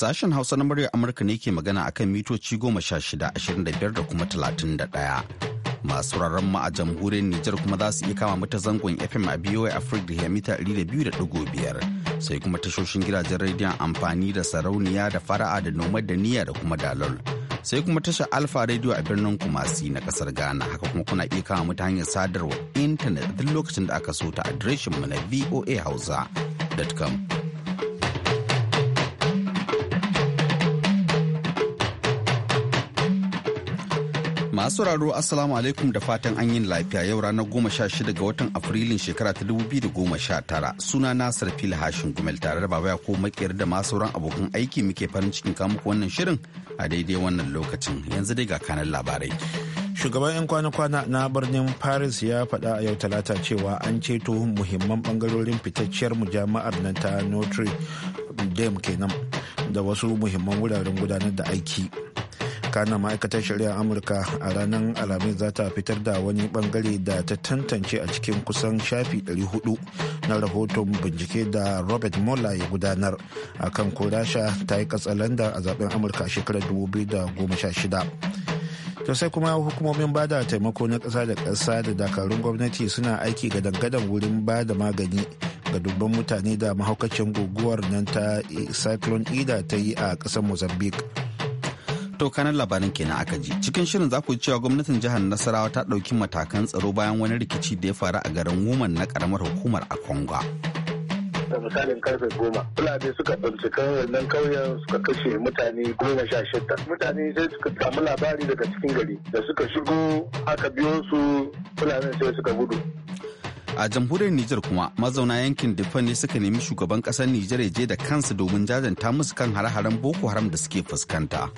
Sashen Hausa na muryar Amurka ne ke magana akan mitoci goma sha shida ashirin da biyar da kuma talatin da ɗaya. Masu raran mu a jamhuriyar Nijar kuma za su iya kama mata zangon FM a BOA Africa da mita ɗari da biyu da ɗigo biyar. Sai kuma tashoshin gidajen rediyon amfani da sarauniya da fara'a da nomad da niyya da kuma dalol. Sai kuma tasha Alfa Radio a birnin Kumasi na kasar Ghana haka kuma kuna iya kama mata hanyar sadarwa intanet duk lokacin da aka so ta adireshin mu na voahausa.com. Masu sauraro Assalamu alaikum da fatan an yin lafiya yau ranar goma sha shida ga watan Afrilun shekara ta dubu biyu da goma sha tara. Suna Nasir Fil Hashin Gumel tare da Baba ko Makiyar da masu sauran abokan aiki muke farin cikin kamuku wannan shirin a daidai wannan lokacin yanzu dai ga kanan labarai. shugaban 'yan kwana-kwana na birnin paris ya faɗa a yau talata cewa an ceto muhimman bangarorin fitacciyar mujama'ar nan ta notre dame kenan da wasu muhimman wuraren gudanar da aiki tsakanin ma'aikatar shari'a amurka a ranar alhamis za ta fitar da wani bangare da ta tantance a cikin kusan shafi 400 na rahoton bincike da robert mueller ya gudanar a kan ko rasha ta yi katsalanda a zaben amurka a shekarar 2016 to sai kuma hukumomin ba da taimako na ƙasa da ƙasa da dakarun gwamnati suna aiki ga dangadan wurin ba da magani ga dubban mutane da mahaukacin guguwar nan ta cyclone ida ta yi a ƙasar mozambique To kanan labarin kenan aka ji. Cikin shirin za ku ji cewa gwamnatin jihar Nasarawa ta ɗauki matakan tsaro bayan wani rikici da ya faru a garin Woman na karamar hukumar a congo. da misalin karfe goma. Fulani suka bincika nan kauyen suka kashe mutane goma sha shida. Mutane sai suka samu labari daga cikin gari da suka shigo aka biyo su Fulani sai suka gudu. a jamhuriyar Nijar kuma mazauna yankin Diffa ne suka nemi shugaban kasar Nijar ya je da kansa domin jajanta musu kan hare-haren Boko Haram da suke fuskanta.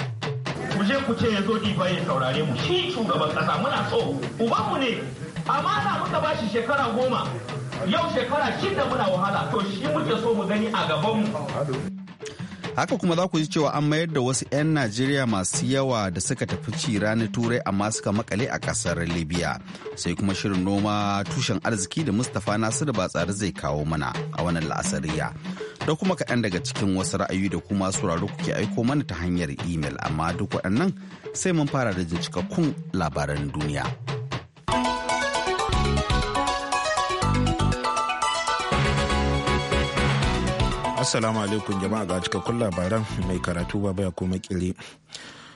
kuce ya zo diba ya saurare mu shi shugaban kasa muna so ubanmu ne amana muka bashi shekara goma yau shekara shida muna wahala to shi muke so mu gani a gabanmu haka kuma za ku ji cewa an mayar da wasu 'yan najeriya masu yawa da suka tafi ci ranar turai amma suka makale a kasar libya sai kuma shirin noma tushen arziki da mustapha nasiru ba tsari zai kawo mana a wannan la'asariya da kuma kaɗan daga cikin wasu ra'ayi da kuma sauraro kuke aiko mana ta hanyar imel amma duk waɗannan sai mun fara da jin cikakkun labaran duniya. Assalamu alaikum jama'a ga cikakkun labaran mai karatu ba ya kuma kili.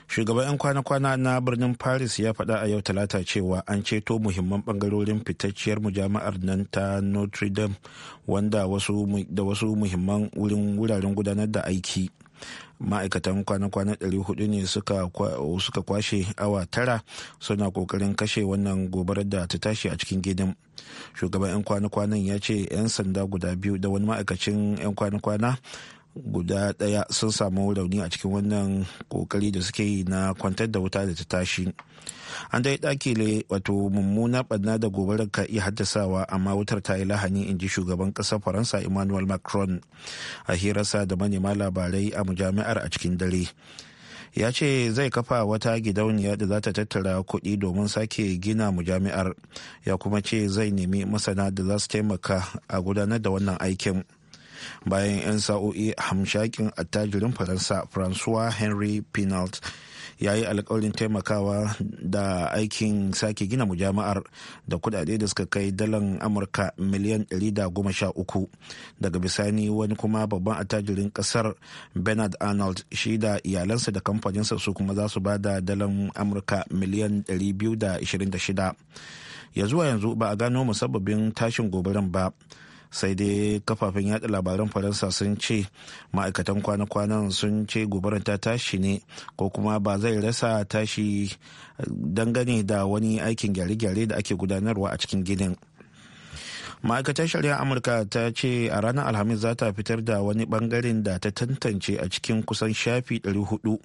Shugaban 'yan kwana-kwana na birnin Paris ya faɗa a yau talata cewa an ceto muhimman bangarorin fitacciyar mujami'ar nan ta Notre Dame wanda da wasu muhimman wurin wuraren gudanar da aiki. ma'aikatan kwana-kwana 400 ne suka kwashe awa tara suna kokarin kashe wannan gobarar da ta tashi a cikin gidan shugaban 'yan kwana-kwanan ya ce 'yan sanda guda biyu da wani ma'aikacin 'yan kwana-kwana guda ɗaya sun samu rauni a cikin wannan kokari da suke yi na kwantar da wuta da ta tashi an dai dakile wato mummuna ɓanna da gobarar ka iya haddasawa amma wutar ta yi lahani in ji shugaban ƙasar faransa emmanuel macron a hirarsa da manema labarai a mujami'ar a cikin dare ya ce zai kafa wata gidauniya da za ta tattara kuɗi domin sake gina mujami'ar ya kuma ce zai nemi masana da za su taimaka a gudanar da wannan aikin. bayan 'yan sa'o'i hamshakin attajirin faransa francois henry pinault ya yi alkawarin taimakawa da aikin sake gina mujama'ar da kudade da suka kai dalan amurka miliyan 113 daga bisani wani kuma babban attajirin kasar bernard arnold shi da iyalansa da kamfaninsa su kuma za su ba da dalan amurka miliyan 226 ya zuwa yanzu ba a gano musabbabin tashin gobaran ba sai dai kafafen yada labaran faransa sun ce ma'aikatan kwana-kwanan sun ce gobarar ta tashi ne ko kuma ba zai rasa tashi dangane da wani aikin gyare-gyare da ake gudanarwa a cikin ginin. ma'aikatar shari'a amurka ta ce a ranar alhamis za ta fitar da wani bangaren da ta tantance a cikin kusan shafi 400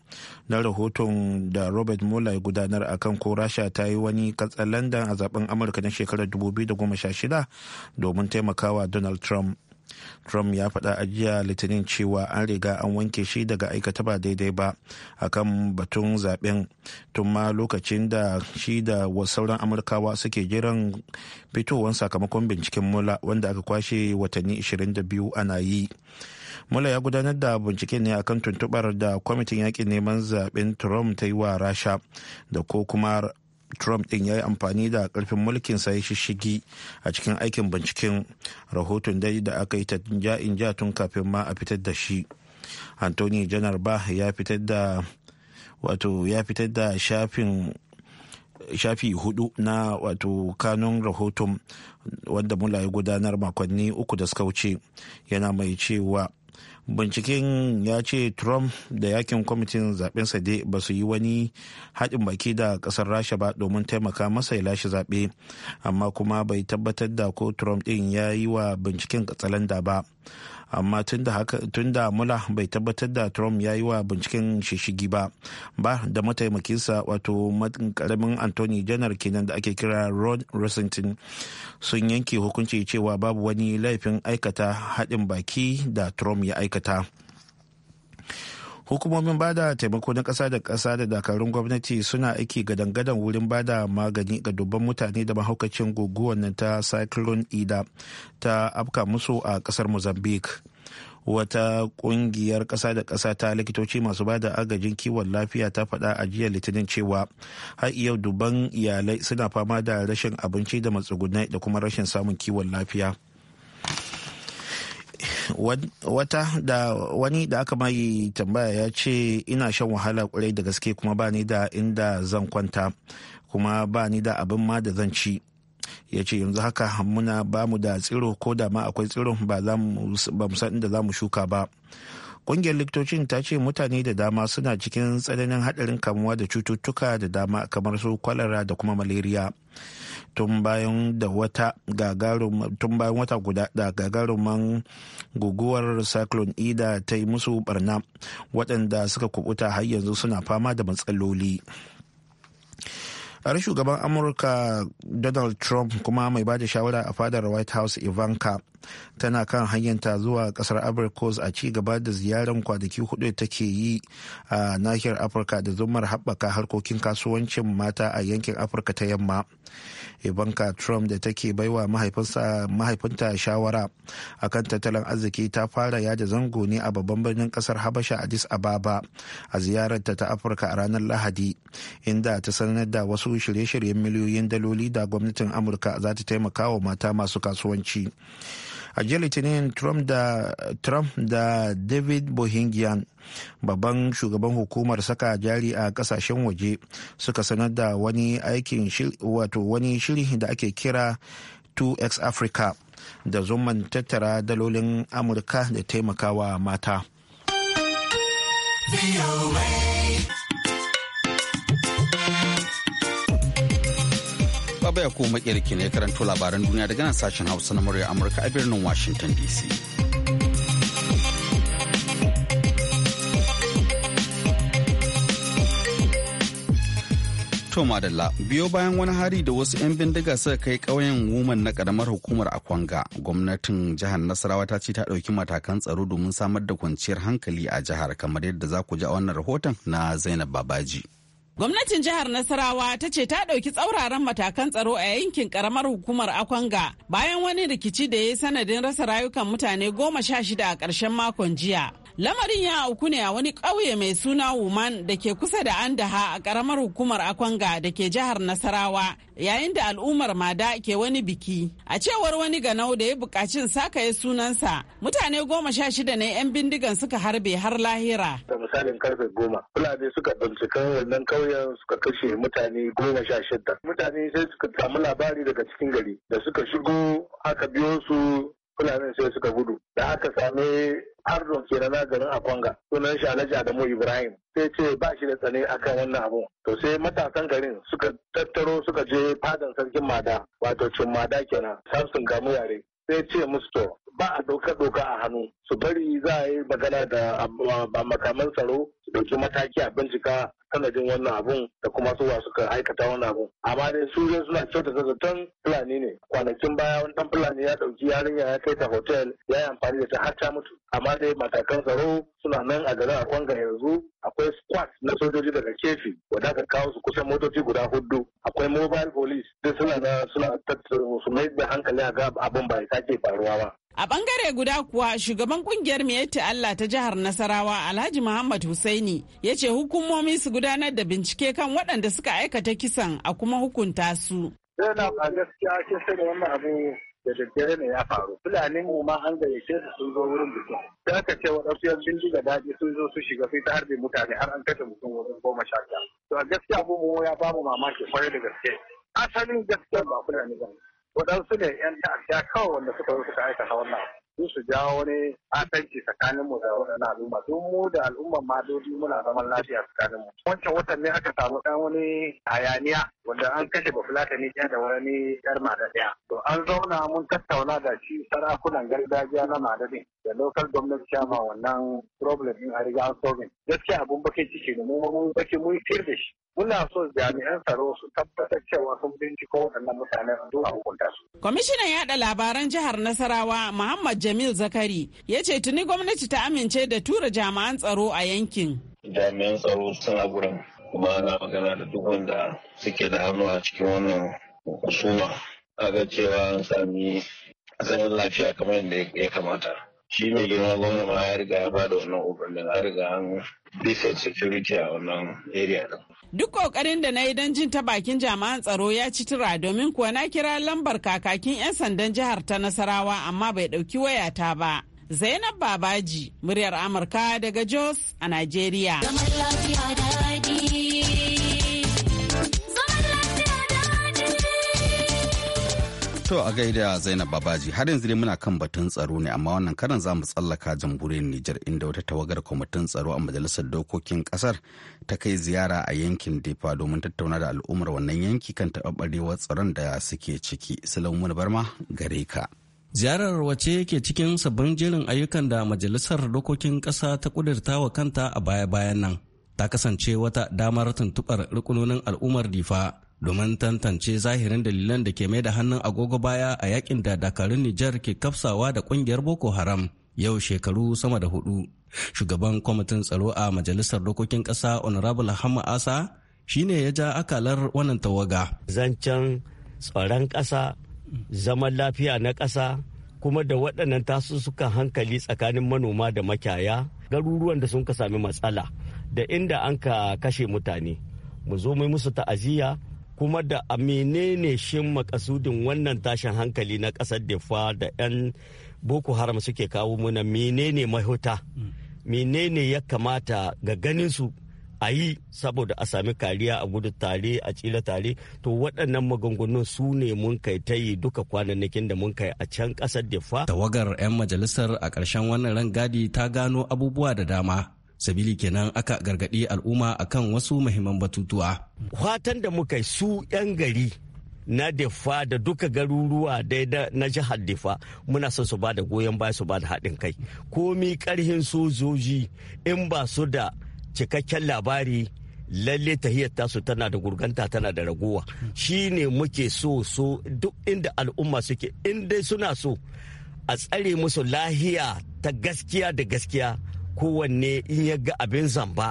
na rahoton da robert mueller ya gudanar kan ko rasha ta yi wani katsalandan a zaben amurka na shekarar 2016 domin taimakawa donald trump trump ya faɗa a jiya litinin cewa an riga an wanke shi daga aikata ba daidai ba akan batun zaben tun ma lokacin da shi da sauran amurkawa suke jiran fitowar sakamakon binciken mula wanda aka kwashe watanni 22 ana yi mula ya gudanar da bincike ne akan tuntubar da kwamitin yakin neman zaben trump ta yi wa rasha da ko kuma trump din ya yi amfani da karfin mulkinsa ya shishigi a cikin aikin binciken rahoton dai da aka yi ta ja'in ja tun kafin ma a fitar da shi anthony janar ba ya fitar da wato ya fitar da shafin shafi hudu na wato kanun rahoton wanda mula ya gudanar makonni uku da suka wuce yana mai cewa binciken ya ce trump da yakin kwamitin zaɓensa dai ba su yi wani haɗin baki da ƙasar rasha ba domin taimaka masa ya lashe zaɓe amma kuma bai tabbatar da ko trump ɗin ya yi wa binciken katsalanda ba amma tun da mula bai tabbatar da trump ya yi wa binciken shishigi ba ba da mataimakinsa wato karamin anthony janar kenan da ake kira rod rosenstein sun yanke hukunci cewa babu wani laifin aikata haɗin baki da trump ya aikata. hukumomin bada taimako na ƙasa da ƙasa da dakarun gwamnati suna aiki gadan-gadan wurin bada magani ga dubban mutane da mahaukacin guguwan nan ta cyclone ida ta afka musu a ƙasar mozambique wata ƙungiyar ƙasa da ƙasa ta likitoci masu ba da agajin kiwon lafiya ta faɗa a jiya litinin cewa har yau dubban iyalai suna fama da rashin abinci da matsugunai da kuma rashin samun kiwon lafiya. wata da wani da aka mai tambaya ya ce ina shan wahala kwarai da gaske kuma ba ni da inda zan kwanta kuma ba ni da abin ma da zan ci ya ce yanzu haka muna ba mu da tsiro ko da ma akwai tsiro ba mu san inda za mu shuka ba Ƙungiyar likitocin ta ce mutane da dama suna cikin tsananin haɗarin kamuwa da cututtuka da dama kamar su kwalara da kuma malaria. Tun bayan wata guda da gagaruman guguwar cyclone ida ta yi musu barna waɗanda suka kubuta har yanzu suna fama da matsaloli. har shugaban amurka donald trump kuma mai bada shawara a fadar white house ivanka tana kan hanyarta zuwa kasar abrikos a ci gaba da ziyarar kwanaki hudu da take yi a nahiyar afirka da zumar haɓaka harkokin kasuwancin mata a yankin afirka ta yamma ivanka trump da take baiwa mahaifinta shawara a kan tattalin arziki ta fara yada zango ne a babban birnin kasar habasha addis ababa a ziyararta ta afirka a ranar lahadi inda ta sanar da wasu shirye-shiryen miliyoyin daloli da gwamnatin amurka za ta taimaka wa mata masu kasuwanci a jiya litinin trump da trump da david bohingian babban shugaban hukumar saka jari a kasashen waje suka sanar da wani aikin wato wani shiri da ake kira 2x africa da zuman tattara dalolin amurka da taimakawa mata. Baba ya kuma makirki ne karanto labaran duniya daga nan sashen Hausa na murya Amurka a birnin Washington DC. To madalla biyo bayan wani hari da wasu 'yan bindiga suka kai ƙauyen woman na ƙaramar hukumar a kwanga gwamnatin jihar Nasarawa ta ce ta ɗauki matakan tsaro domin samar da kwanciyar hankali a jihar kamar yadda za ku ji a wannan rahoton na Zainab Babaji. Gwamnatin jihar Nasarawa ta ce ta ɗauki tsauraran matakan tsaro a yankin ƙaramar hukumar Akwanga bayan wani rikici da ya yi sanadin rasa rayukan mutane goma sha shida a ƙarshen makon jiya. Lamarin ya auku ne a wani ƙauye mai suna Wuman da ke kusa da Andaha a ƙaramar hukumar Akwanga da ke jihar Nasarawa yayin da al'ummar Mada ke wani biki. A cewar wani ganau da ya buƙacin sakaye sunansa, mutane goma sha shida ne 'yan bindigan suka harbe har lahira. Da misalin karfe goma, Fulani suka bincika wannan ƙauyen suka kashe mutane goma sha shida. Mutane sai suka samu labari daga cikin gari da suka shigo aka biyo su Fulanin sai suka gudu. Da aka same Harzon kenan na garin Akwanga sunan shi da mu Ibrahim sai ce ba shi da tsane akan wannan abu. To sai matasan garin suka tattaro suka je fadan sarkin Mada wato Cin Mada kenan Samson Gamu yare. Sai ce musu to ba a ɗauka doka a hannu su bari za a yi magana da makaman tsaro su ɗauki mataki a bincika sanadin wannan abun da kuma su ka aikata wannan abun amma dai su zai suna kyautata zaton fulani ne kwanakin baya wani dan fulani ya ɗauki yarinya ya kai ta hotel ya yi amfani da ta har ta mutu amma dai matakan tsaro suna nan a garin akwanga yanzu akwai squad na sojoji daga kefi wanda aka kawo su kusan motoci guda hudu akwai mobile police duk suna na suna su mai da hankali a ga abin ba ya sake faruwa ba A bangare guda kuwa shugaban kungiyar Miyetti Allah ta jihar Nasarawa Alhaji Muhammad Husaini ya ce hukumomi su gudanar da bincike kan waɗanda suka aikata kisan a kuma hukunta su. Yana eh, ba gaskiya kin sani wannan abu da daddare ne ya faru. Fulani mu ma an gayyace su sun zo wurin bikin. Sai aka ce waɗansu yan bindi da daɗi sun zo su shiga sai ta harbe mutane har an kashe mutum wajen goma sha To a gaskiya abu mu ya mu mamaki kwarai da gaske. Asalin gaskiya ba Fulani ba ne. waɗansu ne 'yan ta'adda kawai wanda suka zo suka aikata wannan abu su su jawo wani asanci tsakanin mu da wani al'umma don mu da al'umman mu muna zaman lafiya tsakanin mu wancan watan ne aka samu dan wani hayaniya wanda an kashe ne ɗaya da wani yar mada ɗaya to an zauna mun tattauna da shi sarakunan gargajiya na madadin da local government chairman wannan problem din a riga an solving gaskiya abun bakin ciki ne mu mun baki mun fir da shi muna so jami'an tsaro su tabbatar cewa sun binciko waɗannan mutanen don a hukunta su kwamishinan yaɗa labaran jihar nasarawa muhammad Jamil Zakari ya ce tuni gwamnati ta amince da tura jami'an tsaro a yankin. Jami'an tsaro suna gurin kuma ana magana da duk wanda suke da hannu a cikin wannan husuma. ga cewa an sami asalin lafiya kamar yadda ya kamata. shi mai girma gwamna ma ya riga ya bada wannan umarnin a riga an bisa security a wannan area din. Duk kokarin da na yi don jin ta bakin jami'an tsaro ya ci tura domin kuwa na kira lambar kakakin 'yan sandan jihar ta Nasarawa amma bai ɗauki wayata ba. Zainab Babaji, muryar Amurka daga Jos a Najeriya. To a gaida Zainab Babaji har yanzu dai muna kan batun tsaro ne amma wannan karan za mu tsallaka jamhuriyar Nijar inda wata tawagar kwamitin tsaro a majalisar dokokin kasar ta kai ziyara a yankin Defa domin tattauna da al'ummar wannan yanki kan taɓarɓarewar tsaron da suke ciki. Sulaimun Barma gare ka. Ziyarar wace ke cikin sabbin jerin ayyukan da majalisar dokokin kasa ta ƙudurta wa kanta a baya-bayan nan ta kasance wata damar tuntuɓar rukunonin al'ummar Difa domin tantance zahirin dalilan da ke mai da hannun agogo baya a yakin da dakarun Nijar ke kafsawa da kungiyar Boko Haram yau shekaru sama da hudu. Shugaban kwamitin tsaro a Majalisar Dokokin Ƙasa Honorable Hamma Asa shine ya ja akalar wannan tawaga. Zancen tsaron ƙasa, zaman lafiya na ƙasa, kuma da waɗannan tasusukan hankali tsakanin manoma da makyaya garuruwan da sun ka sami matsala da inda an ka kashe mutane. Mu zo mai musu ta'aziyya kuma da a menene shin makasudin wannan tashin hankali na kasar defa da 'yan boko haram suke kawo muna menene mahuta mm. menene ya kamata ga ganin su a yi saboda a sami kariya a gudu tare a tsira tare to waɗannan maganganun su ne mun kai ta yi duka kwanannakin da mun kai a can ƙasar defa tawagar 'yan majalisar a ƙarshen wannan rangadi ta gano abubuwa da dama sabili kenan aka gargaɗi al'umma akan wasu muhimman batutuwa fatan da muka su 'yan gari na defa da duka garuruwa dai na jihar defa muna son su ba da goyon baya su ba da haɗin kai komi ƙarhin sojoji in ba su da cikakken labari lalle tahiyar tasu tana da gurganta tana da ragowa shine muke so so duk inda al'umma suke inda suna so a tsare musu lahiya ta gaskiya da gaskiya kowanne in ya ga abin zamba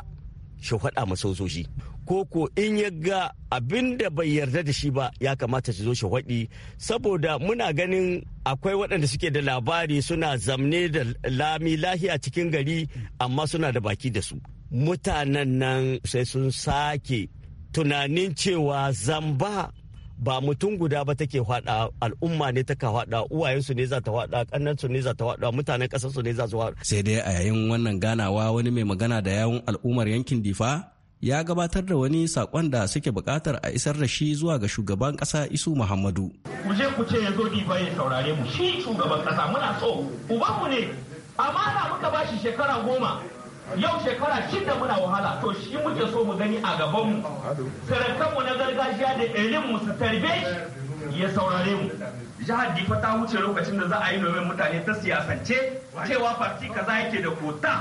shi faɗa ma sojoji ko ko in ya ga abin da bai yarda da shi ba ya kamata su zo shi faɗi saboda muna ganin akwai waɗanda suke da labari suna zamne da lami lahiya cikin gari amma suna da baki da su mutanen nan sai sun sake tunanin cewa zamba ba mutum guda ba take hada al'umma ne take hada uwayensu ne za ta hada kannansu ne za ta hada mutanen su ne za su hada sai dai a yayin wannan ganawa wani mai magana da yawun al'ummar yankin difa ya gabatar da wani sakon da suke bukatar a isar da shi zuwa ga shugaban kasa isu muhammadu ku je ku ce zo difa ya saurare mu shi shugaban kasa muna so ubanmu ne amma amana muka bashi shekara goma yau shekara shida muna wahala to shi muke so mu gani a gabanmu sarakanmu na gargajiya da mu su tarbe shi ya saurare mu jihar difa ta wuce lokacin da za a yi nomin mutane ta siyasance cewa farti kaza yake da kota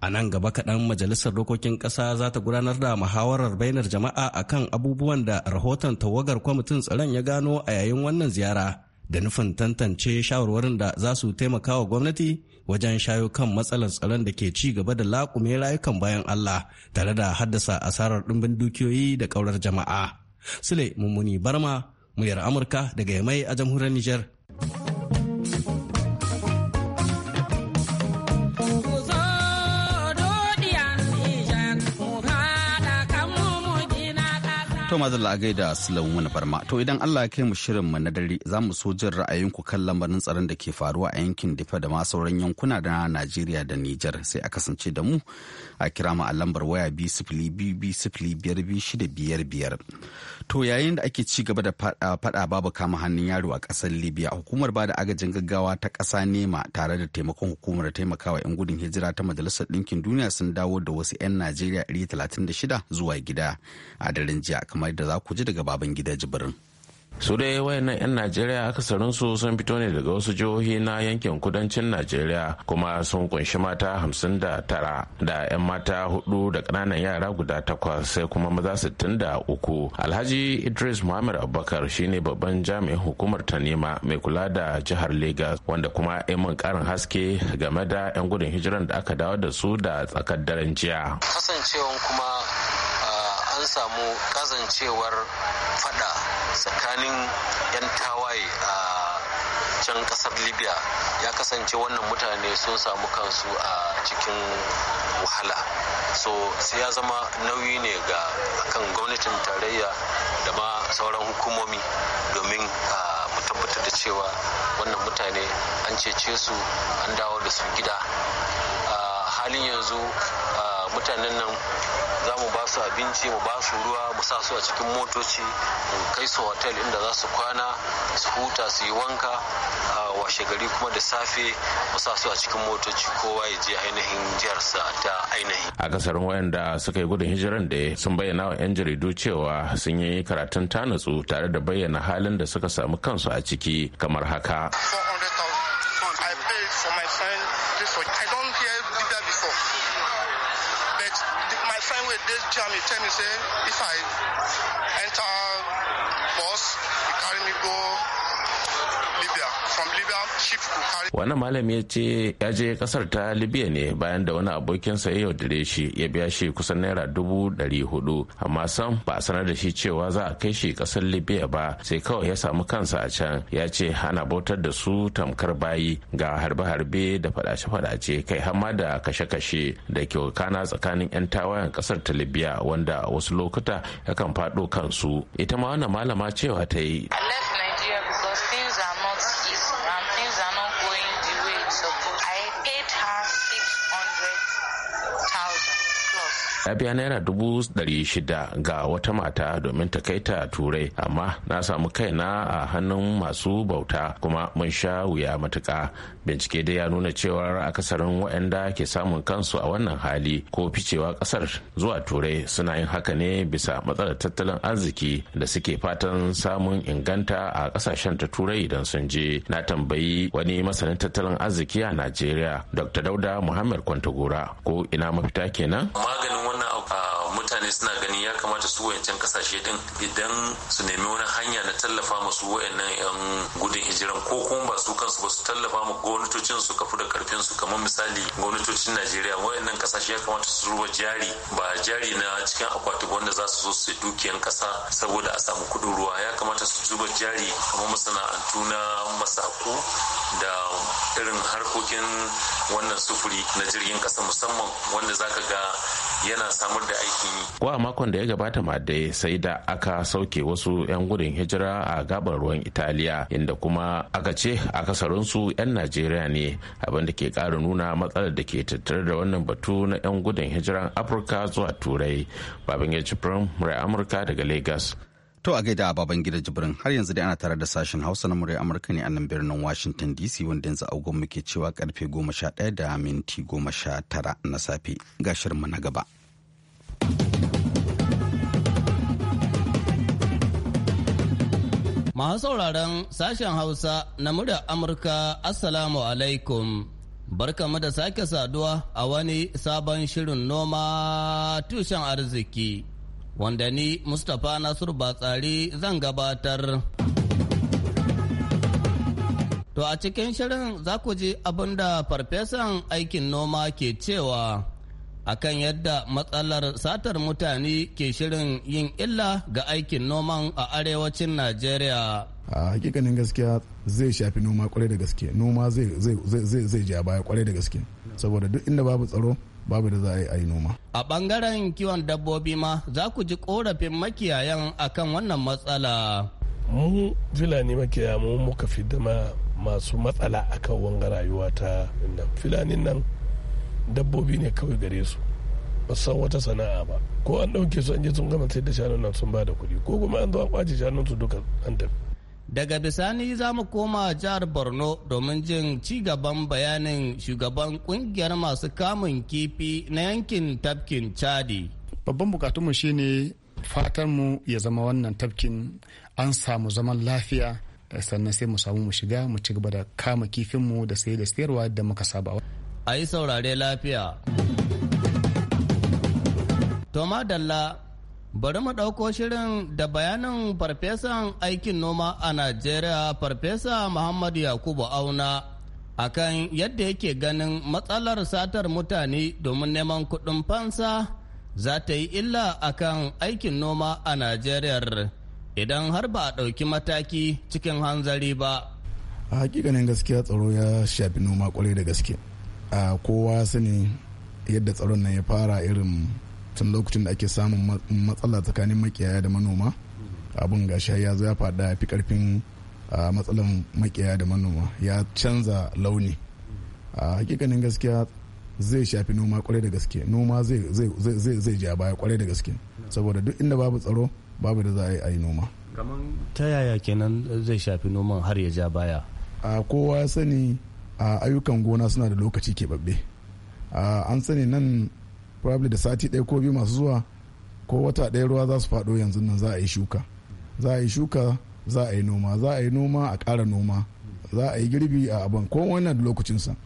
a nan gaba kaɗan majalisar dokokin ƙasa za ta gudanar da muhawarar bainar jama'a akan abubuwan da rahoton tawagar kwamitin tsaron ya gano a yayin wannan ziyara da nufin tantance shawarwarin da za su taimaka wa gwamnati wajen shayo kan matsalar tsaron da ke ci gaba da laƙume rayukan bayan Allah tare da haddasa asarar ɗumbin dukiyoyi da ƙaurar jama'a. Sule Mummuni Barma, muryar Amurka daga Yamai a jamhuriyar Nijar. To mazalla a gaida Sulaiman wani barma. To idan Allah ya kai mu shirin mu na dare za mu so jin ra'ayinku kan lamarin tsaron da ke faruwa a yankin Difa da ma sauran yankuna da Najeriya da Nijar sai a kasance da mu a kira mu a lambar waya 2 0 biyar 5 shida biyar biyar. To yayin da ake ci gaba da fada babu kama hannun yaro a ƙasar Libya, hukumar bada agajin gaggawa ta ƙasa nema tare da taimakon hukumar taimakawa 'yan gudun hijira ta Majalisar Ɗinkin Duniya sun dawo da wasu 'yan Najeriya 136 zuwa gida a daren jiya kamar da za ku ji daga baban gida jibirin. su dai wayannan 'yan najeriya akasarin su sun fito ne daga wasu jihohi na yankin kudancin najeriya kuma sun kunshi mata hamsin da tara da 'yan mata hudu da ƙananan yara guda takwas sai kuma maza sittin da uku alhaji idris muhammad abubakar shine babban jami'in hukumar ta nema mai kula da jihar Legas, wanda kuma ya karin haske game da 'yan gudun hijiran da aka dawo da su da tsakar daren jiya kasancewan kuma ah, an samu kasancewar fada tsakanin 'yan tawaye a can kasar libya ya kasance wannan mutane sun samu kansu a cikin wahala so sai ya zama nauyi ne ga kan gwamnatin tarayya da ma sauran hukumomi domin a tabbatar da cewa wannan mutane an cece su an dawo da su gida halin yanzu mutanen nan za mu ba su abinci mu ba su ruwa mu sa su a cikin motoci mu kai su hotel inda za su kwana su huta su yi wanka washe gari kuma da safe mu sa su a cikin motoci kowa ya je ainihin jiharsa ta ainihin akasarin wayanda suka yi gudun hijiran da sun bayyana wa 'yan jaridu cewa sun yi karatun tanatsu tare da bayyana halin da suka samu kansu a ciki kamar haka I paid for my friend this I don't hear before. my friend with this jam, he tell me, say, if I enter bus, he carry me go libya from wani malami ya ce ya je kasar ta libya ne bayan da wani abokinsa ya yaudare shi ya biya shi kusan naira dubu dari hudu amma sam ba a sanar da shi cewa za a kai shi kasar libya ba sai kawai ya samu kansa a can ya ce ana bautar da su tamkar bayi ga harbe-harbe da fadace-fadace kai hama da kashe-kashe da ke kana tsakanin 'yan tawayen kasar ta libya wanda wasu lokuta yakan faɗo kansu ita ma wannan malama cewa ta yi lafiya biya naira dubu ɗari shida ga wata mata domin ta kai ta turai amma na samu kaina a hannun masu bauta kuma mun sha wuya matuka bincike dai ya nuna cewa akasarin waɗanda ke samun kansu a wannan hali ko ficewa ƙasar zuwa turai suna yin haka ne bisa matsalar tattalin arziki da suke fatan samun inganta a ƙasashen ta turai idan sun je na tambayi wani masanin tattalin arziki a najeriya dr dauda muhammad kwantagora ko ina mafita kenan wannan uh, mutane suna ganin ya kamata su wayancan kasashe din idan su nemi wani hanya na tallafa masu wayannan yan gudun hijiran ko kuma ba su kansu ba su tallafa ma gwamnatocin su kafu da karfin su kamar misali gwamnatocin Najeriya wayannan kasashe ya kamata su ruba jari ba jari na cikin akwati wanda za su zo su dukiyan kasa saboda a samu kudin ruwa ya kamata su zuba jari kamar masana'antu na masako da irin harkokin wannan sufuri na jirgin kasa musamman wanda zaka ga yana samar da aiki ko a makon da ya gabata ma dai sai da aka sauke wasu 'yan gudun hijira a gabar ruwan italiya inda kuma aka ce akasarinsu 'yan najeriya ne abinda ke kara nuna matsalar da ke tattare da wannan batu na 'yan gudun hijiran afirka zuwa turai babin ya jibrin murai amurka daga lagos to a gaida baban gida jibrin har yanzu dai ana tare da sashen hausa na murai amurka ne a nan birnin washington dc wanda yanzu agon muke cewa karfe 11 da minti 19 na safe Gashirmu mu na gaba Masu sauraron sashen Hausa na muryar Amurka, Assalamu alaikum. Barkamu da sake saduwa a wani sabon shirin noma tushen arziki, wanda ni Mustapha Nasiru Batsari zan gabatar. To a cikin shirin za ku ji abin da farfesan aikin noma ke cewa. akan yadda matsalar satar mutane ke shirin yin illa ga aikin noman a arewacin Najeriya. a hakikanin gaskiya zai shafi noma kwarai da gaske noma zai ja baya kwarai da gaske saboda duk inda babu tsaro babu da za a yi noma a bangaren kiwon dabbobi ma za ku ji korafin makiyayan akan wannan matsala mu filani makiyaya mu muka fi dama masu matsala akan wanga rayuwa ta filanin nan dabbobi ne kawai gare su ba san wata sana'a ba ko an ɗauke su an je sun gama sai da shanun nan sun ba da kuɗi ko kuma an zo a kwace shanun su duka an tafi. daga bisani za mu koma jihar borno domin jin ci gaban bayanin shugaban kungiyar masu kamun kifi na yankin tafkin chadi babban bukatunmu shine fatan mu ya zama wannan tafkin an samu zaman lafiya eh, sannan sai mu samu mu shiga mu ci gaba da kama kifinmu da sai da sayarwa da muka saba a yi saurare lafiya. Toma Dalla bari mu ɗauko shirin da bayanin farfesan aikin noma a Najeriya farfesa Muhammadu Yakubu Auna. akan yadda yake ganin matsalar satar mutane domin neman kuɗin fansa za ta yi illa akan aikin noma a Najeriya idan har ba a ɗauki mataki cikin hanzari ba. A hakikanin gaskiya tsaro ya shafi noma kwarai da gaske. a kowa sani yadda tsaron nan ya fara irin tun lokacin da ake samun matsala tsakanin makiyaya da manoma abin shi ya zo ya fada fi karfin matsalan makiyaya da manoma ya canza launi a hakikanin gaskiya zai shafi noma kwarai da gaske noma zai ja baya kwarai da gaske saboda duk inda babu tsaro babu da za a yi noma ta yaya kenan zai shafi noman har ya ja baya a kowa sani a ayyukan gona suna da lokaci keɓaɓɓe an sani nan probably da sati ɗaya ko biyu masu zuwa ko wata ɗaya ruwa za su faɗo yanzu nan za a yi shuka za a yi shuka za a yi noma za a yi noma a ƙara noma za a yi girbi a abin ko wannan da lokacinsa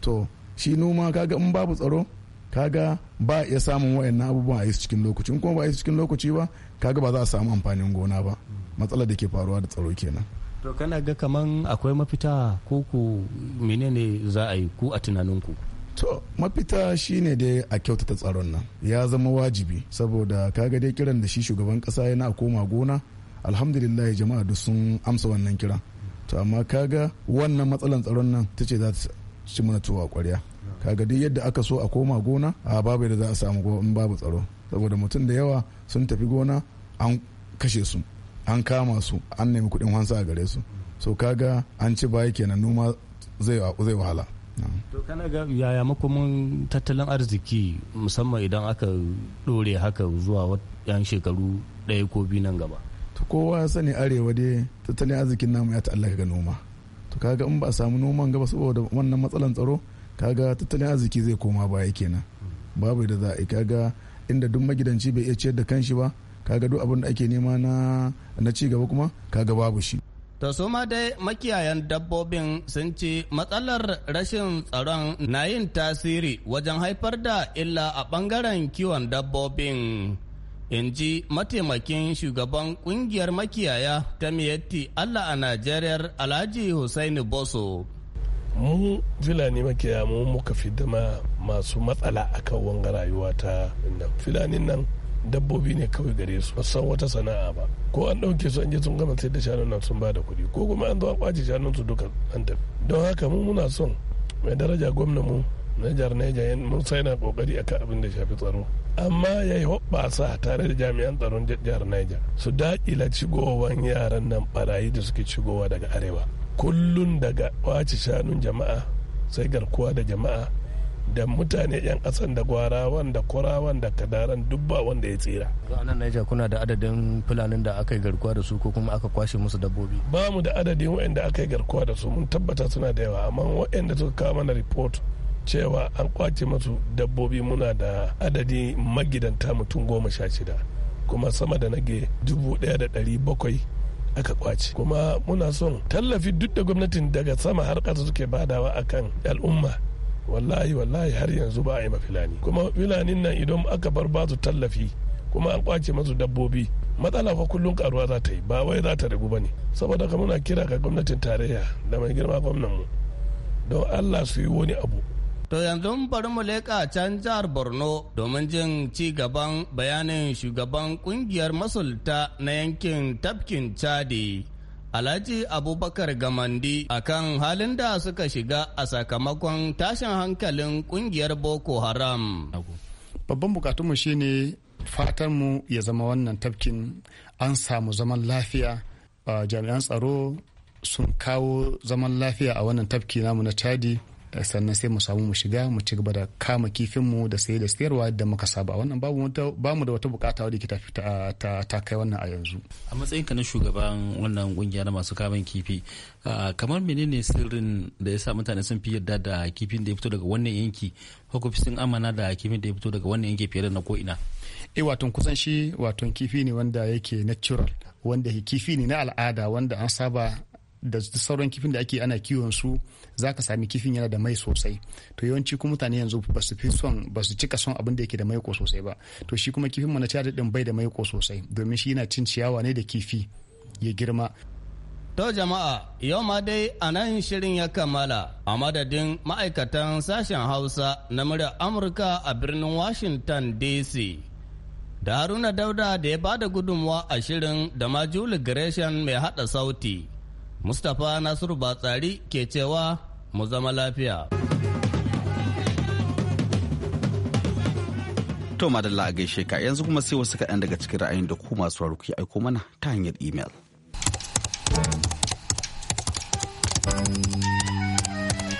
to shi noma kaga in babu tsaro kaga ba a iya samun wayannan abubuwan a yi su cikin lokaci in kuma ba a yi su cikin lokaci ba kaga ba za a samu amfanin gona ba matsalar da ke faruwa da tsaro kenan to kana ga kaman akwai mafita ko ku menene za a yi ku a tunaninku to mafita shine dai a kyautata tsaron nan ya zama wajibi saboda kaga dai kiran da shi shugaban kasa yana koma gona alhamdulillah jama'a duk sun amsa wannan kira to amma ka ga wannan matsalan tsaron nan ta ce za ta ci mana tuwa kwarya kaga duk yadda aka so a koma gona a babu yadda za a samu in babu tsaro saboda mutum da yawa sun tafi gona an kashe su an kama su an nemi kuɗin hansa a gare su so kaga an ci baya kenan noma zai wahala to kana ga yaya makomin tattalin arziki musamman idan aka dore haka zuwa yan shekaru ɗaya ko biyu nan gaba to kowa ya sani arewa dai tattalin arzikin namu ya ta'allaka ga noma to kaga in ba a samu noman gaba saboda wannan matsalan tsaro kaga tattalin arziki zai koma baya kenan babu da za a kaga inda duk magidanci bai iya ciyar da kanshi ba kaga duk abin da ake nema na na ci gaba kuma kaga babu shi to su dai makiyayan dabbobin sun ce matsalar rashin tsaron na yin tasiri wajen haifar da illa a bangaren kiwon dabbobin in ji mataimakin shugaban kungiyar makiyaya ta miyatti allah a nigeria alhaji hussaini boso mu filani makiyaya mu muka fi dama masu matsala akan wanga rayuwa ta filanin nan dabbobi ne kawai gare su ba san wata sana'a ba ko an ɗauke su an je sun gama sai da shanun nan sun ba da kuɗi ko kuma an zo an ƙwace shanun su duka an tafi don haka mu muna son mai daraja gwamna mu na jihar Niger mun sai na kokari akan abin da shafi tsaro amma ya yi hoɓɓasa tare da jami'an tsaron jihar Niger su daƙila cigowan yaran nan barayi da suke cigowa daga arewa kullun daga kwace shanun jama'a sai garkuwa da jama'a da mutane 'yan kasan da gwarawan da kurawan da kadaran dubba wanda ya tsira Ga nan naija kuna da adadin fulanin da aka yi garkuwa da su ko kuma aka kwashe musu dabbobi ba mu da adadin waɗanda aka yi garkuwa da su mun tabbata suna da yawa amma waɗanda suka kawo mana report cewa an kwace musu dabbobi muna da adadi magidanta mutum goma sha shida kuma sama da nage dubu ɗaya da ɗari bakwai aka kwace kuma muna son tallafi duk da gwamnatin daga sama har ƙasa suke badawa akan al'umma wallahi wallahi har yanzu ba a yi ma filani kuma filanin nan idan aka bar ba su tallafi kuma an kwace masu dabbobi matsala fa kullun karuwa za ta yi ba wai za ta ragu ba ne saboda ka muna kira ga gwamnatin tarayya da mai girma gwamnan mu don allah su yi wani abu To yanzu bari mu leƙa can jihar Borno domin jin ci gaban bayanin shugaban kungiyar masulta na yankin tafkin Chadi, Alhaji Abubakar Gamandi kan halin da suka shiga a sakamakon tashin hankalin kungiyar Boko Haram. Babban bukatunmu shi ne fatanmu ya zama wannan tafkin an samu zaman lafiya jami'an tsaro sun kawo zaman lafiya a wannan tafki namu na Chadi Eh, sannan sai mu samu mu shiga mu ci gaba da kama kifinmu da saye da sayarwa da muka saba wannan ba mu da wata bukata wadda ke ta ah, kai wannan a yanzu a matsayin ka na shugaban wannan kungiya na masu kamun kifi ah, kamar menene sirrin da ya sa mutane sun fi yarda da kifin da ya fito daga wannan yanki ko sun amana da kifin da ya fito daga wannan yanki fiye da na ko ina. Eh, waton kusan shi waton kifi ne wanda yake natural wanda kifi ne na al'ada wanda an saba da sauran kifin da ake ana kiwon su za ka sami kifin yana da mai sosai to yawanci kuma mutane yanzu ba su fi son ba su cika son abin da yake da ko sosai ba to shi kuma kifin mana cari din bai da ko sosai domin shi yana cin ciyawa ne da kifi ya girma to jama'a yau ma dai anan shirin ya kammala a madadin ma'aikatan sashen hausa na murya amurka a birnin washington dc da haruna dauda da ya bada gudunmawa a shirin da ma juli gresham mai hada sauti Mustapha Nasiru Batsari ke cewa mu zama lafiya. To madalla a gaishe ka yanzu kuma sai wasu kaɗan daga cikin ra'ayin da ku masu ke aiko mana ta hanyar imel.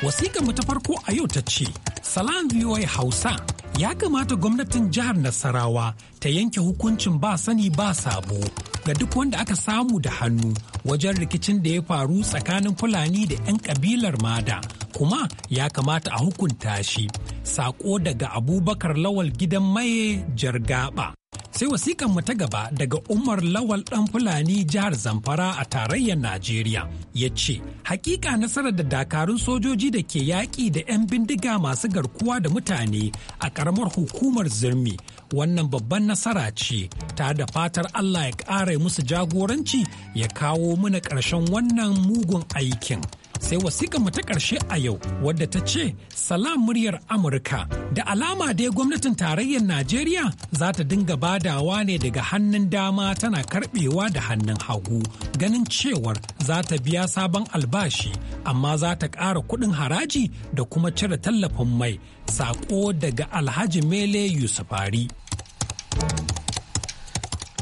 Wasiƙar mu ta farko a yau ta ce, Salam VOA Hausa ya kamata gwamnatin jihar Nasarawa ta yanke hukuncin ba sani ba sabo. ga duk wanda aka samu da hannu wajen rikicin da ya faru tsakanin Fulani da 'yan kabilar Mada kuma ya kamata a hukunta shi. Sako daga Abubakar Lawal gidan maye Jargaba. Sai wasikan mu ta gaba daga Umar Lawal ɗan Fulani jihar Zamfara a tarayyar Najeriya ya ce, Hakika nasarar da dakarun sojoji da ke yaƙi da 'yan bindiga masu garkuwa da mutane a ƙaramar hukumar zirmi wannan babban nasara ce ta da fatar Allah ya ƙara musu jagoranci ya kawo mana ƙarshen wannan mugun aikin. sai mu ta ƙarshe a yau wadda ta ce salam muryar amurka da alama dai gwamnatin tarayyar najeriya za ta dinga badawa ne daga hannun dama tana karbewa da hannun hagu ganin cewar za ta biya sabon albashi amma za ta ƙara kuɗin haraji da kuma cire tallafin mai saƙo daga alhaji mele yusufari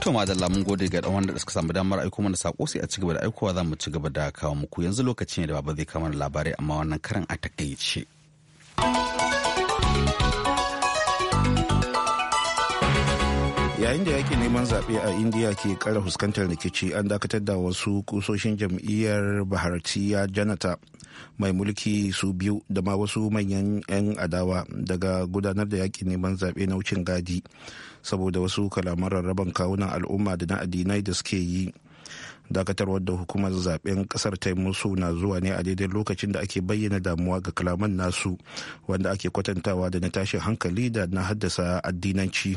To ma da mun gode ga dan wanda suka samu damar aiko mana sako sai a ci gaba da aikowa za mu ci gaba da kawo muku yanzu lokaci ne da baba zai kama labarai amma wannan karan a takaice. yayin da yake neman zaɓe a indiya ke ƙara fuskantar rikici an dakatar da wasu kusoshin jam'iyyar bahartiya janata mai mulki su biyu da ma wasu manyan 'yan adawa daga gudanar da yakin neman zaɓe na wucin gadi saboda wasu kalaman rarraban kawunan al'umma da na addinai da suke yi dakatarwar da hukumar zaben kasar ta musu na zuwa ne a daidai lokacin da ake bayyana damuwa ga kalaman nasu wanda ake kwatantawa da na tashin hankali da na haddasa addinanci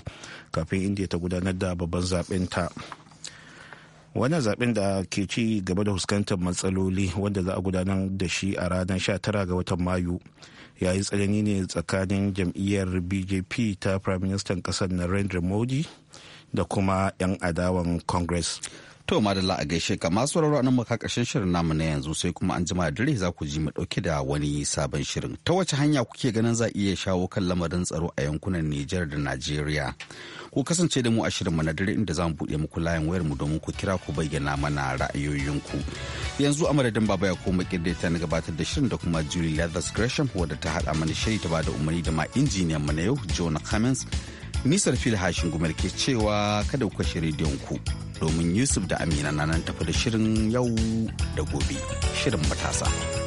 kafin indiya ta gudanar da babban zaben ta wannan zaben da ke ci gaba da fuskantar matsaloli wanda za a gudanar da shi a ranar 19 ga watan mayu ya yi tsanani ne tsakanin jam'iyyar bjp ta firaministan ƙasar narendra modi da kuma 'yan adawan congress To madalla a gaishe ga masu sauraro nan muka karshen shirin namu na yanzu sai kuma an jima da dare za ku ji mu dauke da wani sabon shirin. Ta wace hanya kuke ganin za iya shawo kan lamarin tsaro a yankunan Nijar da Najeriya? Ku kasance da mu a shirin mu na dare inda za mu buɗe muku layin wayar mu domin ku kira ku bayyana mana ra'ayoyinku. Yanzu a madadin Baba ya koma ta na gabatar da shirin da kuma Julie Leathers Gresham wadda ta haɗa mana shiri ta bada umarni da ma injiniyan mu na yau Jonah Cummins. Nisar fil hashin gumar ke cewa kada ku kashe rediyon ku. domin Yusuf da Amina na nan tafi da shirin yau da gobe, shirin matasa.